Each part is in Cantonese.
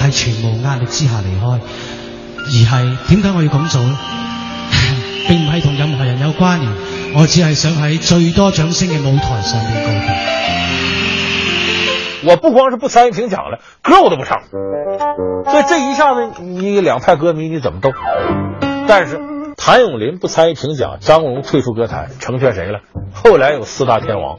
係全無壓力之下離開，而係點解我要咁做呢？並唔係同任何人有關聯，我只係想喺最多掌聲嘅舞台上面告別。我不光是不參與評獎了，歌我都不唱，所以這一下子你兩派歌迷你怎麼鬥？但是譚詠麟不參與評獎，張國榮退出歌壇，成全誰了？後來有四大天王。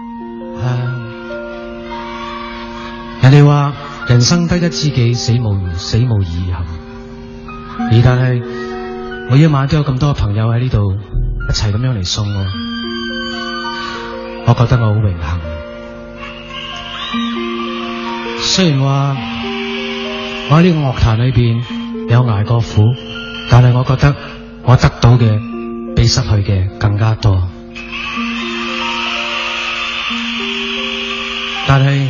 誒，人哋話人生得一知己，死無死無遺憾。而但係我今一晚都有咁多朋友喺呢度一齊咁樣嚟送我，我覺得我好榮幸。雖然話我喺呢個樂壇裏邊有挨過苦，但係我覺得我得到嘅比失去嘅更加多。但係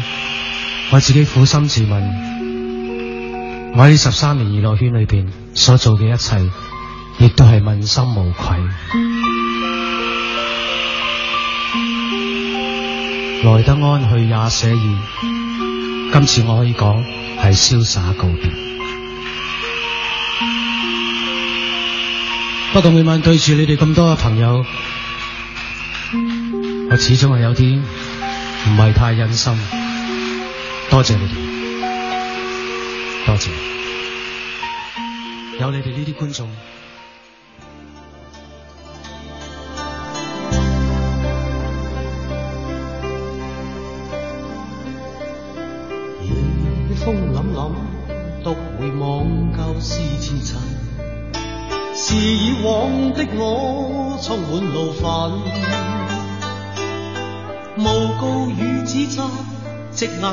我自己苦心自問，我喺十三年娛樂圈裏邊所做嘅一切，亦都係問心無愧。來得安，去也寫意。今次我可以講係瀟灑告別。不過每晚對住你哋咁多嘅朋友，我始終係有啲。唔係太忍心，多謝你哋，多謝有你哋呢啲觀眾。